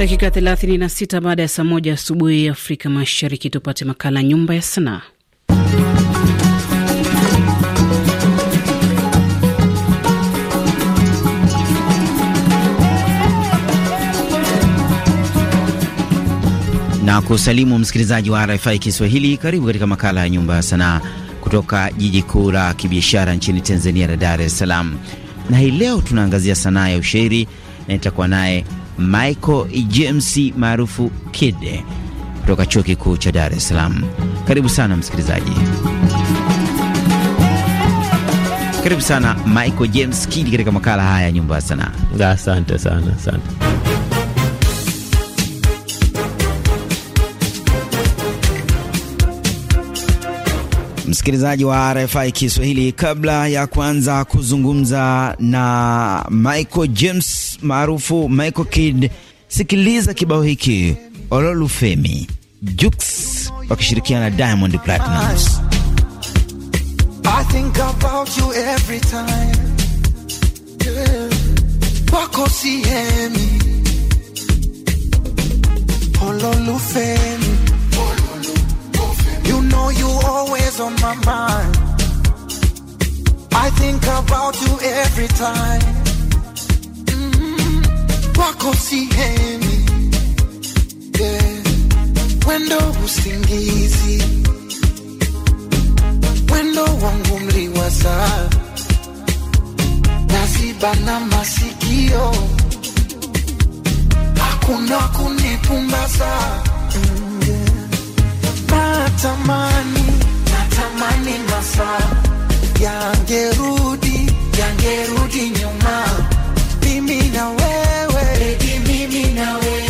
Dakika 36 baada ya saa moja asubuhi Afrika Mashariki, tupate makala Nyumba ya Sanaa. na kusalimu msikilizaji wa RFI Kiswahili. Karibu katika makala ya nyumba ya sanaa kutoka jiji kuu la kibiashara nchini Tanzania la Dar es Salaam, na hii leo tunaangazia sanaa ya ushairi na itakuwa naye Michael James maarufu Kid kutoka chuo kikuu cha Dar es Salaam. Karibu sana msikilizaji, karibu sana Michael James Kid katika makala haya ya nyumba ya sanaa. Asante sana, asante. msikilizaji wa RFI Kiswahili. Kabla ya kuanza kuzungumza na Michael James maarufu Michael Kid, sikiliza kibao hiki Ololufemi Jux wakishirikiana na Diamond Platnumz. Ololufemi you always on my mind. I think about you every time. Mm-hmm. Wako sihemi, yeah. When when easy, no Wendo usingizi, wendo wangu mliwaza, nazibana masikio, hakuna kunipumbaza mm. natamani, natamani masaa yangerudi, yangerudi nyuma, mimi na wewe, mimi na wewe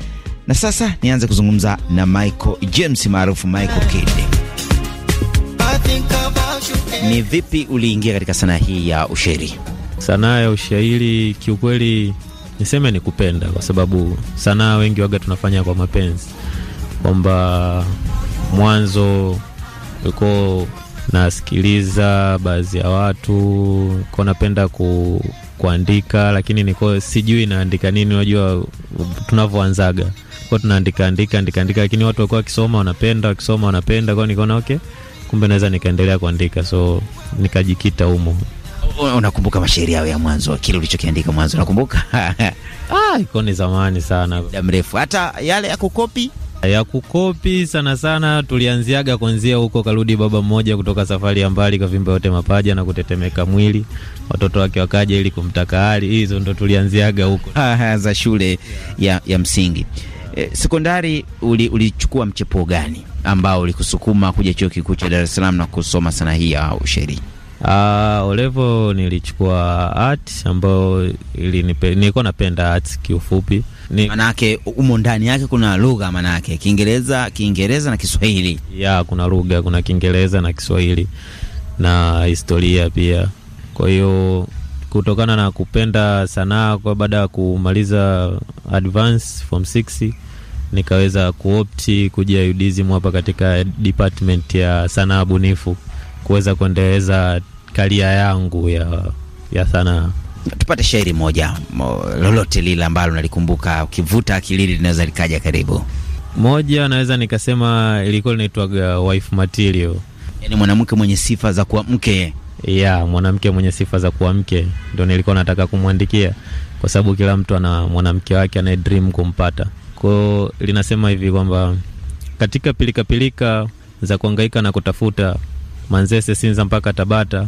Na sasa nianze kuzungumza na Michael James maarufu Michael Kidd. Ni vipi uliingia katika sanaa hii ya ushairi? Sanaa ya ushairi kiukweli, niseme ni kupenda, kwa sababu sanaa wengi waga tunafanya kwa mapenzi, kwamba mwanzo uko nasikiliza baadhi ya watu ko napenda ku, kuandika lakini niko sijui naandika nini. Unajua tunavyoanzaga tulikuwa tunaandika andika andika andika, lakini watu walikuwa wakisoma wanapenda, wakisoma wanapenda, kwa nikaona okay, kumbe naweza nikaendelea kuandika, so nikajikita humo. Unakumbuka mashairi yao ya mwanzo, kile ulichokiandika mwanzo, unakumbuka? Ah, iko ni zamani sana, muda mrefu, hata yale ya kukopi ya kukopi sana sana tulianziaga kwanzia huko, karudi baba mmoja kutoka safari ya mbali, kavimba yote mapaja na kutetemeka mwili, watoto wake wakaja ili kumtaka hali. Hizo ndo tulianziaga huko za shule ya, ya msingi. E, sekondari ulichukua uli mchepuo gani ambao ulikusukuma kuja chuo kikuu cha Dar es Salaam na kusoma sanaa hii ya ushairi? Uh, olevo nilichukua art ambayo ilinipe, nilikuwa napenda art kiufupi. Ni... manake umo ndani yake kuna lugha manake Kiingereza, Kiingereza na Kiswahili ya kuna lugha, kuna Kiingereza na Kiswahili na historia pia, kwa hiyo kutokana na kupenda sanaa. Kwa baada ya kumaliza advance form 6 nikaweza kuopti kuja UDSM hapa katika department ya sanaa bunifu kuweza kuendeleza karia yangu ya, ya sanaa. Tupate shairi moja mo, lolote lile ambalo nalikumbuka ukivuta akilili linaweza likaja karibu moja. Naweza nikasema ilikuwa linaitwaga wife material, yani mwanamke mwenye sifa za kuwa mke yeah, mwanamke mwenye sifa za kuwa mke, ndio nilikuwa nataka kumwandikia, kwa sababu kila mtu ana mwanamke wake anaye dream kumpata. Kwa linasema hivi kwamba katika pilikapilika pilika za kuangaika na kutafuta Manzese, Sinza mpaka Tabata,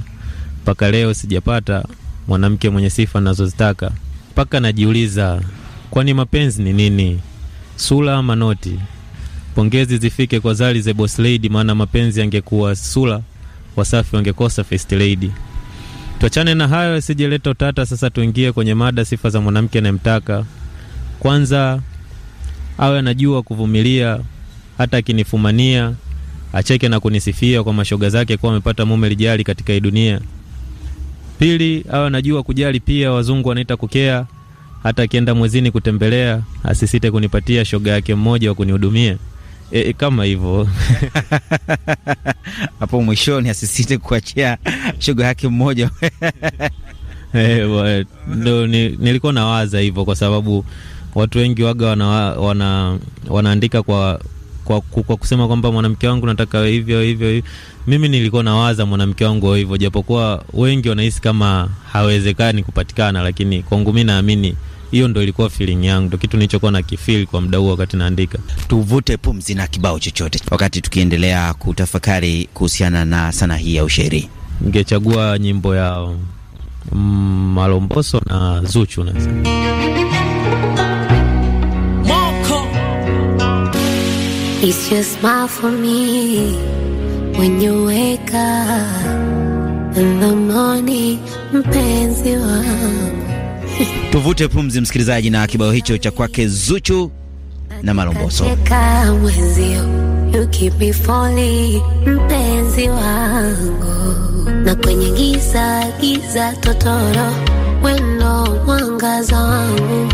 mpaka leo sijapata mwanamke mwenye sifa nazozitaka, mpaka najiuliza kwani mapenzi ni nini? Sura ama noti? Pongezi zifike kwa Zari the Boss Lady, maana mapenzi yangekuwa sura Wasafi wangekosa first lady. Tuachane na hayo sijeleta utata. Sasa tuingie kwenye mada, sifa za mwanamke anayemtaka. Kwanza awe anajua kuvumilia, hata akinifumania acheke na kunisifia kwa mashoga zake kuwa amepata mume lijali katika hii dunia. Pili, awe anajua kujali pia, wazungu wanaita kukea. Hata akienda mwezini kutembelea, asisite kunipatia shoga yake mmoja wa kunihudumia e, e, kama hivyo hapo mwishoni asisite kuachia shoga yake mmoja. Hey, eh, ni, nilikuwa nawaza hivyo kwa sababu watu wengi waga wana, wana, wanaandika kwa, kwa, kwa kusema kwamba mwanamke wangu nataka hivyo hivyo hivyo. Mimi nilikuwa nawaza mwanamke wangu hivyo, japokuwa wengi wanahisi kama hawezekani kupatikana, lakini kwangu mi naamini hiyo ndo ilikuwa feeling yangu, ndo kitu nilichokuwa na kifili kwa muda huo wakati naandika. Tuvute pumzi na kibao chochote, wakati tukiendelea kutafakari kuhusiana na sanaa hii ya ushairi. Ningechagua nyimbo ya mm, Malomboso na Zuchu naweza It's smile for me when you wake up in the morning mpenzi wangu Tuvute pumzi, msikilizaji, na kibao hicho cha kwake Zuchu na Malomboso. Mpenzi wangu, na kwenye giza giza totoro, wendo mwangaza wangu,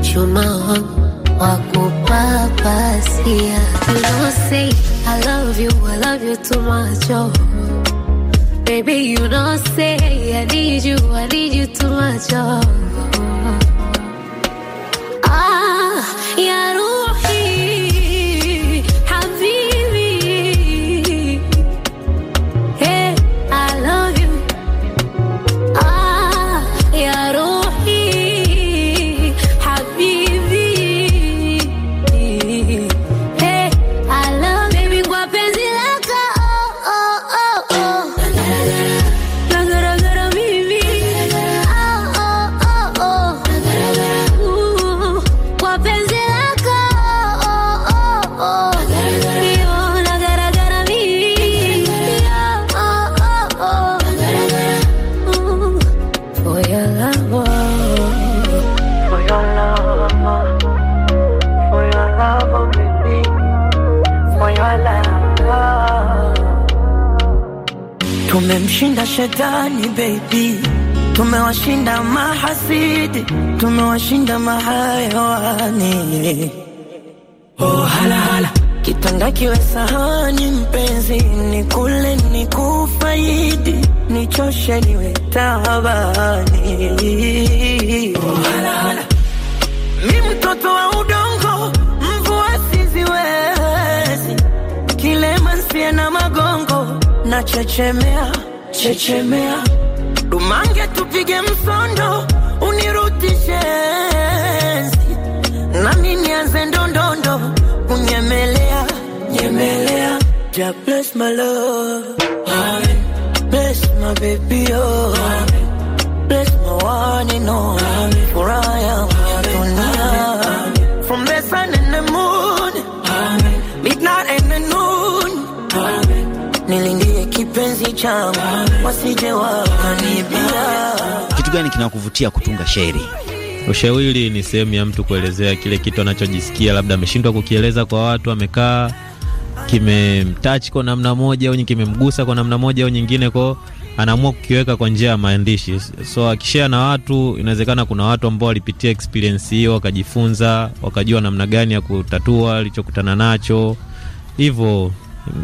chuma wangu wa kupapasia. You know say I love you, I love you too much oh. Baby you know say I need you, I need you too much oh. amani baby, tumewashinda mahasidi, tumewashinda mahayawani. Oh, hala, hala. Kitanda kiwe sahani mpenzi, ni nikufaidi, nichoshe niwe tabani. Oh, hala, hala. Mi mtoto wa udongo, mvua siziwezi, kilema nsie na magongo, nachechemea chechemea, Dumange tupige msondo, unirutishe nami nianze ndondondo kunyemelea nyemelea, ja bless my love bless my baby oh bless my one and only furaha ya dunia from the sun and the moon midnight and the noon kipenzi changu wasije wakanibia. Kitu gani kinakuvutia kutunga shairi? Ushairi ni sehemu ya mtu kuelezea kile kitu anachojisikia, labda ameshindwa kukieleza kwa watu, amekaa kimemtouch kwa namna moja au kimemgusa kwa namna moja au nyingine, kwao anaamua kukiweka kwa njia ya maandishi. So akishare na watu, inawezekana kuna watu ambao walipitia experience hiyo wakajifunza, wakajua namna gani ya kutatua alichokutana nacho, hivyo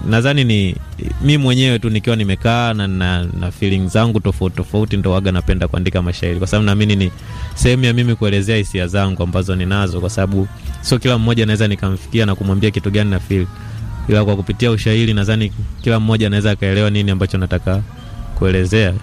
nadhani ni mi mwenyewe tu nikiwa nimekaa na, na, na feeling zangu tofauti tofauti, ndo waga napenda kuandika mashairi, kwa sababu naamini ni sehemu ya mimi kuelezea hisia zangu ambazo ninazo, kwa sababu sio kila mmoja naweza nikamfikia na kumwambia kitu gani na feel, ila kwa kupitia ushairi nadhani kila mmoja anaweza akaelewa nini ambacho nataka kuelezea.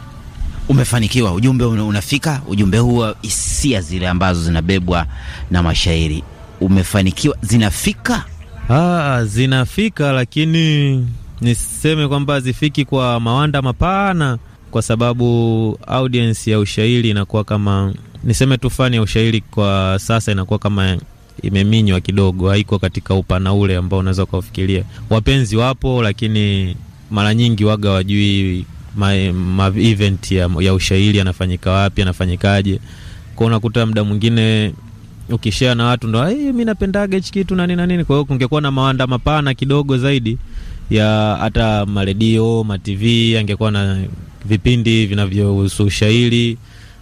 Umefanikiwa, ujumbe unafika, ujumbe huo, hisia zile ambazo zinabebwa na mashairi, umefanikiwa, zinafika Ah, zinafika lakini niseme kwamba zifiki kwa mawanda mapana, kwa sababu audience ya ushairi inakuwa kama, niseme tu fani ya ushairi kwa sasa inakuwa kama imeminywa kidogo, haiko katika upana ule ambao unaweza ukaufikiria. Wapenzi wapo, lakini mara nyingi waga wajui ma, ma event ya, ya ushairi yanafanyika wapi, yanafanyikaje, kwa unakuta muda mwingine ukishare na watu ndo hey, eh, mi napendaga hichi kitu na nini na nini. Kwa hiyo kungekuwa na mawanda mapana kidogo zaidi ya hata maredio ma angekuwa na vipindi vinavyohusu ushairi,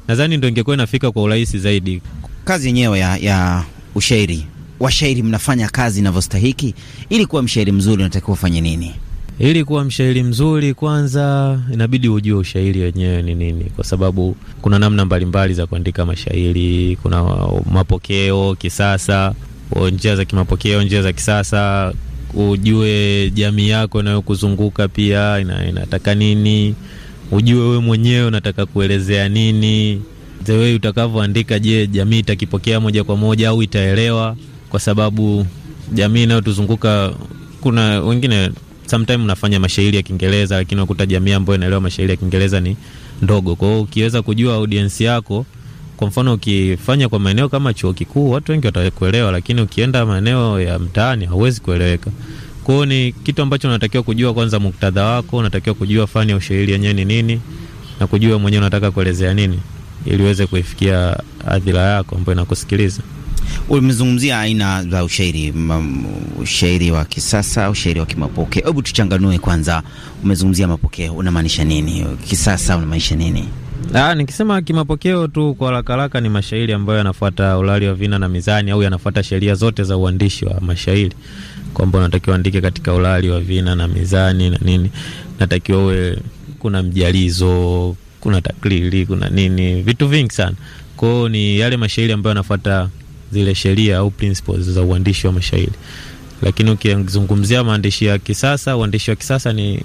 nadhani ndo ingekuwa inafika kwa urahisi zaidi. Kazi yenyewe ya, ya ushairi, washairi mnafanya kazi inavyostahiki? Ili kuwa mshairi mzuri unatakiwa ufanye nini? Ili kuwa mshairi mzuri, kwanza inabidi ujue ushairi wenyewe ni nini, kwa sababu kuna namna mbalimbali za kuandika mashairi. Kuna mapokeo kisasa, njia za kimapokeo, njia za kisasa. Ujue jamii yako inayokuzunguka pia ina, inataka nini. Ujue wewe mwenyewe unataka kuelezea nini. Wewe utakavyoandika, je, jamii itakipokea moja kwa moja au itaelewa? Kwa sababu jamii inayotuzunguka kuna wengine sometimes unafanya mashairi ya Kiingereza, lakini unakuta jamii ambayo inaelewa mashairi ya Kiingereza ni ndogo. Kwa hiyo ukiweza kujua audiensi yako, kwa mfano ukifanya kwa maeneo kama chuo kikuu, watu wengi watakuelewa, lakini ukienda maeneo ya mtaani hauwezi kueleweka. Kwa hiyo ni kitu ambacho unatakiwa kujua, kwanza muktadha wako, unatakiwa kujua fani ya ushairi yenyewe ni nini na kujua mwenyewe unataka kuelezea nini ili uweze kuifikia hadhira yako ambayo inakusikiliza. Umezungumzia aina za ushairi, mm, ushairi wa kisasa, ushairi wa kimapokeo. Hebu tuchanganue kwanza, umezungumzia mapokeo, unamaanisha nini? Kisasa unamaanisha nini? Aa, ah, nikisema kimapokeo tu kwa haraka haraka ni mashairi ambayo yanafuata ulali wa vina na mizani au yanafuata sheria zote za uandishi wa mashairi kwamba unatakiwa andike katika ulali wa vina na mizani na nini, natakiwa uwe kuna mjalizo, kuna taklili, kuna nini, vitu vingi sana. Kwao ni yale mashairi ambayo yanafuata zile sheria au principles za uandishi wa mashairi. Lakini ukizungumzia maandishi ya kisasa, uandishi wa kisasa ni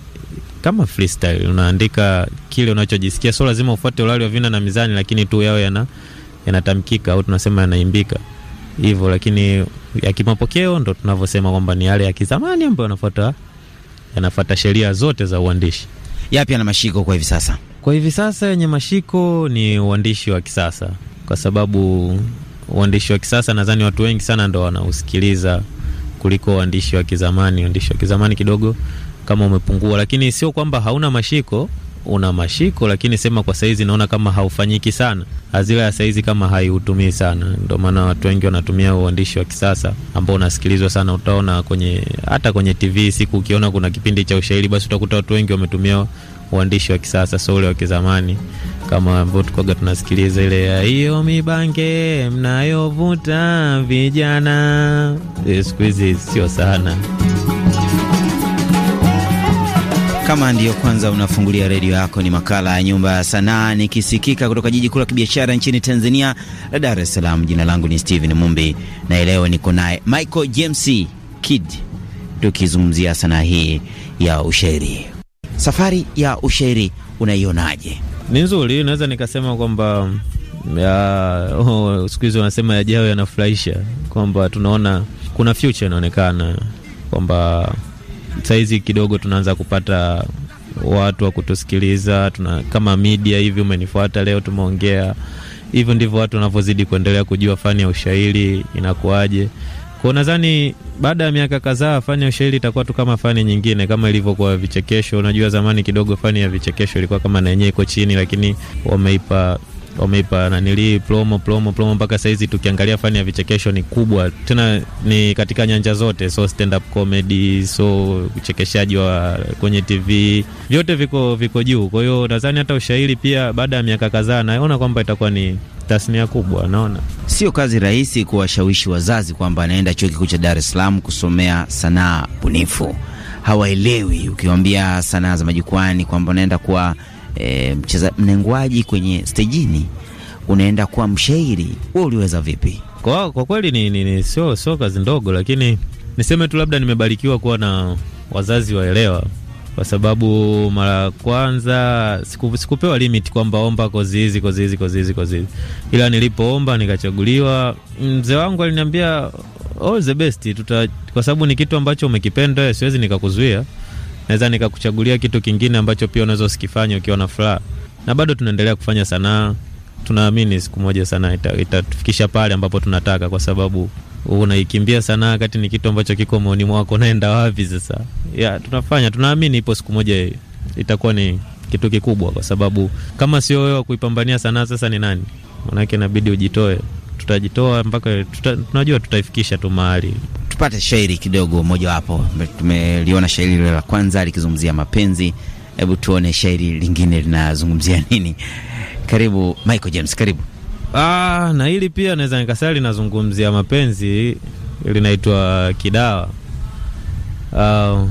kama freestyle, unaandika kile unachojisikia, sio lazima ufuate ulali wa vina na mizani, lakini tu yao yana yanatamkika au tunasema yanaimbika hivyo. Lakini ya kimapokeo ndo tunavyosema kwamba ni yale ya kizamani ambayo yanafuata yanafuata sheria zote za uandishi. Yapi yana mashiko kwa hivi sasa? Kwa hivi sasa yenye mashiko ni uandishi wa kisasa, kwa sababu uandishi wa kisasa nadhani watu wengi sana ndo wanausikiliza kuliko uandishi wa kizamani. Uandishi wa kizamani kidogo kama umepungua, lakini sio kwamba hauna mashiko, una mashiko, lakini sema kwa saizi naona kama haufanyiki sana. Hazira ya saizi kama haiutumii sana, Ndo maana watu wengi wanatumia uandishi wa kisasa ambao unasikilizwa sana. Utaona kwenye hata kwenye TV siku ukiona kuna kipindi cha ushairi, basi utakuta watu wengi wametumia uandishi wa kisasa, so ule wa kizamani kama ambavyo tukwaga tunasikiliza ile ya hiyo mibange mnayovuta vijana. Eh, siku hizi sio sana. Kama ndiyo kwanza unafungulia redio yako, ni makala ya Nyumba ya Sanaa nikisikika kutoka jiji kuu la kibiashara nchini Tanzania la Dar es Salaam. Jina langu ni Steven Mumbi na leo niko naye Michael James Kid tukizungumzia sanaa hii ya ushairi. Safari ya ushairi unaionaje? Ni nzuri, naweza nikasema kwamba oh, siku hizi wanasema yajao yanafurahisha, kwamba tunaona kuna future inaonekana kwamba sahizi kidogo tunaanza kupata watu wa kutusikiliza, tuna kama media hivi, umenifuata leo, tumeongea hivyo ndivyo watu wanavyozidi kuendelea kujua fani ya ushairi inakuwaje. Kwa nadhani baada ya miaka kadhaa fani ya ushairi itakuwa tu kama fani nyingine kama ilivyokuwa vichekesho. Unajua zamani kidogo fani ya vichekesho ilikuwa kama na yenyewe iko chini, lakini wameipa wameipa nanili promo promo promo mpaka saizi tukiangalia fani ya vichekesho ni kubwa, tena ni katika nyanja zote, so stand up comedy, so uchekeshaji wa kwenye TV vyote viko viko juu. Kwa hiyo nadhani hata ushairi pia baada ya miaka kadhaa naona kwamba itakuwa ni tasnia kubwa. Naona sio kazi rahisi kuwashawishi wazazi kwamba anaenda chuo kikuu cha Dar es Salaam kusomea sanaa bunifu, hawaelewi ukiwaambia sanaa za majukwani kwamba unaenda kuwa e, mcheza mnengwaji kwenye stejini unaenda kuwa mshairi, wewe uliweza vipi? Kwa, kwa kweli ni, ni, ni sio sio kazi ndogo, lakini niseme tu labda nimebarikiwa kuwa na wazazi waelewa, kwa sababu mara kwanza siku, sikupewa limit kwamba omba kozi hizi kozi hizi kozi hizi kozi hizi, ila nilipoomba nikachaguliwa, mzee wangu aliniambia all oh, the best tuta, kwa sababu ni kitu ambacho umekipenda, siwezi nikakuzuia naweza nikakuchagulia kitu kingine ambacho pia unaweza usikifanya ukiwa na furaha, na bado tunaendelea kufanya sanaa. Tunaamini siku moja sanaa itatufikisha ita pale ambapo tunataka, kwa sababu unaikimbia sanaa kati ni kitu ambacho kiko maoni mwako, naenda wapi sasa? Ya, tunafanya tunaamini ipo siku moja itakuwa ni kitu kikubwa, kwa sababu kama sio wewe wa kuipambania sanaa, sasa ni nani? Manake inabidi ujitoe, tutajitoa mpaka tuta, tunajua tutaifikisha tu mahali tupate shairi kidogo mojawapo. Tumeliona shairi lile la kwanza likizungumzia mapenzi. Hebu tuone shairi lingine linazungumzia nini. Karibu Michael James, karibu. Ah, na hili pia naweza nikasema linazungumzia mapenzi, linaitwa Kidawa. Uh,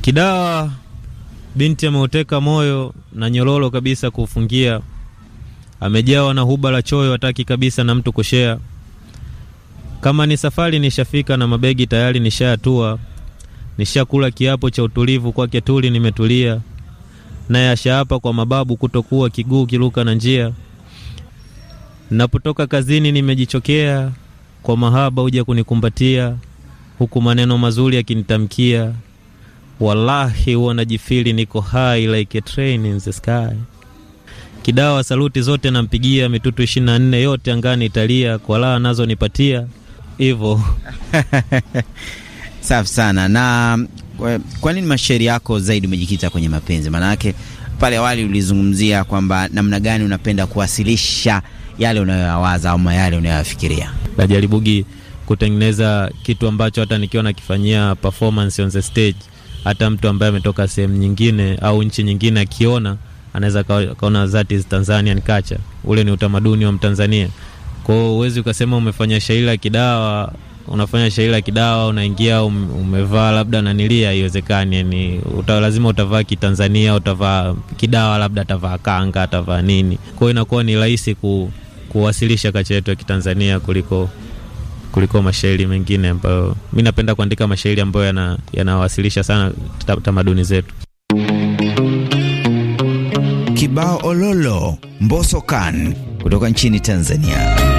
Kidawa binti ameuteka moyo na nyororo kabisa kufungia amejawa na huba la choyo, hataki kabisa na mtu kushea kama ni safari, nishafika na mabegi tayari, nishayatua, nishakula kiapo cha utulivu kwake tuli, nimetulia naye ashaapa kwa mababu kutokuwa kiguu kiruka na njia. Napotoka kazini, nimejichokea kwa mahaba uja kunikumbatia, huku maneno mazuri yakinitamkia. Wallahi huwa najifili niko hai like a train in the sky. Kidawa saluti zote nampigia, mitutu ishirini na nne yote angani italia, kwa laa nazo nipatia hivyo safi sana. Na kwa nini mashairi yako zaidi umejikita kwenye mapenzi? Maanake pale awali ulizungumzia kwamba namna gani unapenda kuwasilisha yale unayoyawaza ama yale unayoyafikiria. Najaribugi kutengeneza kitu ambacho hata nikiwa nakifanyia performance on the stage, hata mtu ambaye ametoka sehemu nyingine au nchi nyingine akiona anaweza kaona that is Tanzanian culture, ule ni utamaduni wa Mtanzania. Kwa hiyo huwezi ukasema umefanya shairi la kidawa, unafanya shairi la kidawa, unaingia um, umevaa labda nanilia, haiwezekani. Yani uta, lazima utavaa Kitanzania, utavaa kidawa, labda atavaa kanga, atavaa nini. Kwa hiyo inakuwa ni rahisi ku, kuwasilisha kacha yetu ya Kitanzania kuliko kuliko mashairi mengine ambayo mi napenda kuandika mashairi ambayo yanawasilisha yana sana tamaduni zetu. Kibao ololo mbosokan kutoka nchini Tanzania.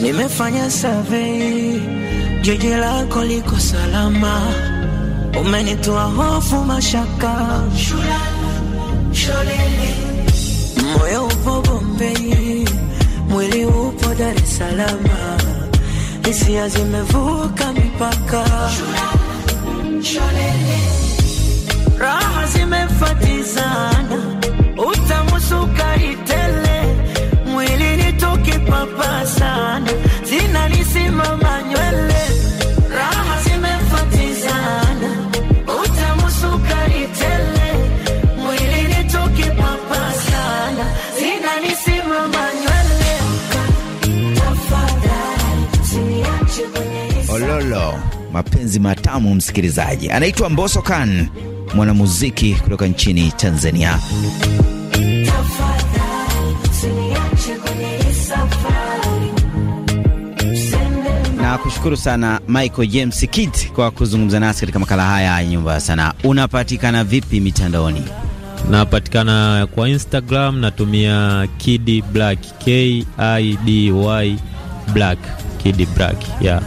Nimefanya survey, jiji lako liko salama, umenitoa hofu, mashaka, moyo upo Bombei, mwili upo Dar es Salaam, hisia zimevuka mipaka, raha zimefatizana, utamusuka itela nikipapa sana, zinalisimama nywele, raha zimefatizana, utamu sukari tele, mwili sana, zinalisimama nywele. Ololo, mapenzi matamu, msikilizaji. Anaitwa mboso kan mwanamuziki kutoka nchini Tanzania. kushukuru sana Michael James Kit kwa kuzungumza nasi katika makala haya ya nyumba ya sanaa. Unapatikana vipi mitandaoni? Napatikana kwa Instagram, natumia Kid Black, K I D Y Black, Kid Black yeah.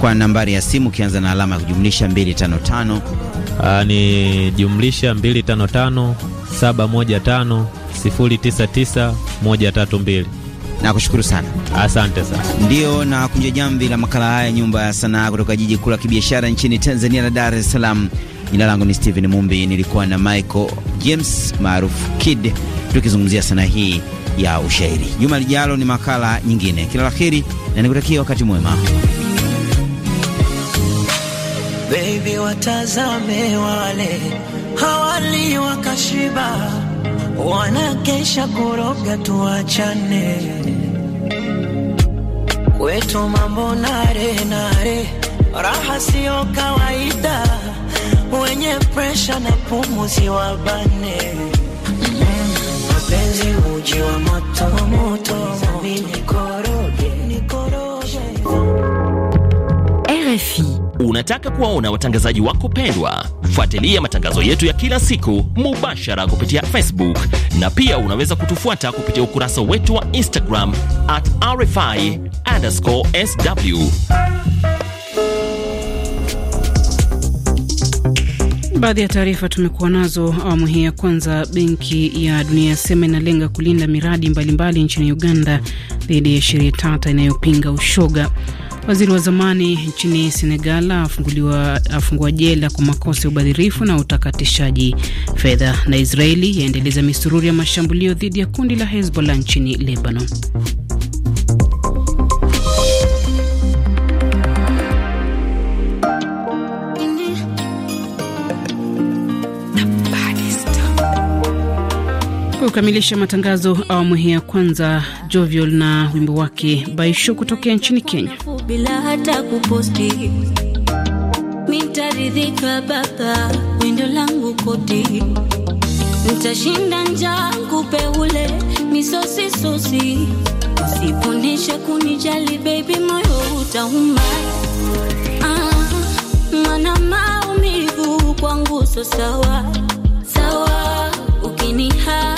Kwa nambari ya simu ukianza na alama ya kujumlisha 255 ah, ni jumlisha 255 715 099 132. Nakushukuru sana, asante sana. Ndiyo na kunja jamvi la makala haya nyumba ya sanaa kutoka jiji kuu la kibiashara nchini Tanzania la Dar es Salaam. Jina langu ni Steven Mumbi, nilikuwa na Michael James maarufu Kid, tukizungumzia sanaa hii ya ushairi. Juma lijalo ni makala nyingine. Kila la heri na nikutakia wakati mwema. Baby, watazame wale hawali wakashiba, wanakesha koroga, tuachane Kwetu mambo nare nare, raha sio kawaida, wenye presha na pumuzi wa bane mm. Mapenzi uji wa moto moto, nikoroge nikoroge. RFI Unataka kuwaona watangazaji wako pendwa? Fuatilia matangazo yetu ya kila siku mubashara kupitia Facebook na pia unaweza kutufuata kupitia ukurasa wetu wa Instagram at RFI underscore sw. Baadhi ya taarifa tumekuwa nazo awamu hii ya kwanza. Benki ya Dunia yasema inalenga kulinda miradi mbalimbali mbali nchini Uganda dhidi ya sheria tata inayopinga ushoga. Waziri wa zamani nchini Senegal afungua jela kwa makosa ya ubadhirifu na utakatishaji fedha. Na Israeli yaendeleza misururi ya mashambulio dhidi ya kundi la Hezbollah nchini Lebanon. kukamilisha matangazo awamu hii ya kwanza, Jovial na wimbo wake Baisho kutokea nchini Kenya. Bila hata kuposti mitaridhika, baba windo langu koti, mtashinda njaa nkupe ule misosi sosi, kunijali baby, moyo utauma mwana ah, maumivu kwangu so sawa sawa ukiniha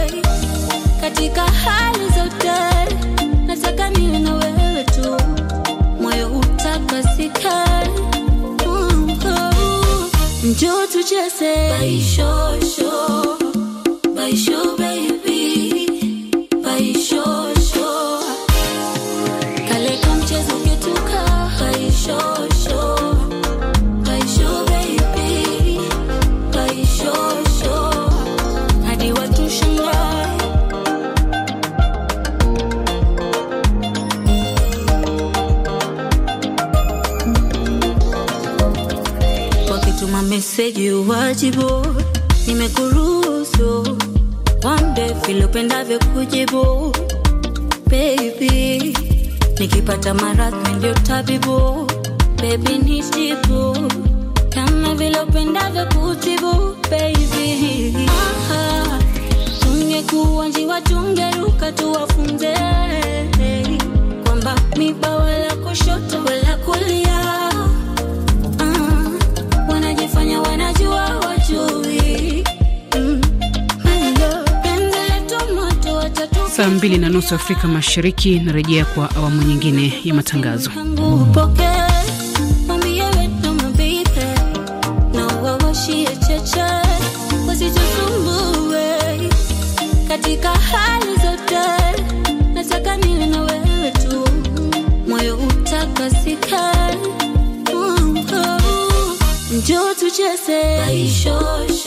to Jesse. By sure, sure. wajibu nimekuruhusu kwambe vile upendavyo kujibu baby, nikipata maradhi ndio tabibu baby, nijibu kama vile upendavyo kujibu baby. tungekuwa njiwa tungeruka tuwafunze kwamba mibawa wala kushoto wala kulia wanafanya wanajua wajui Saa mbili na nusu Afrika Mashariki, narejea kwa awamu nyingine ya matangazo. say, Are you sure?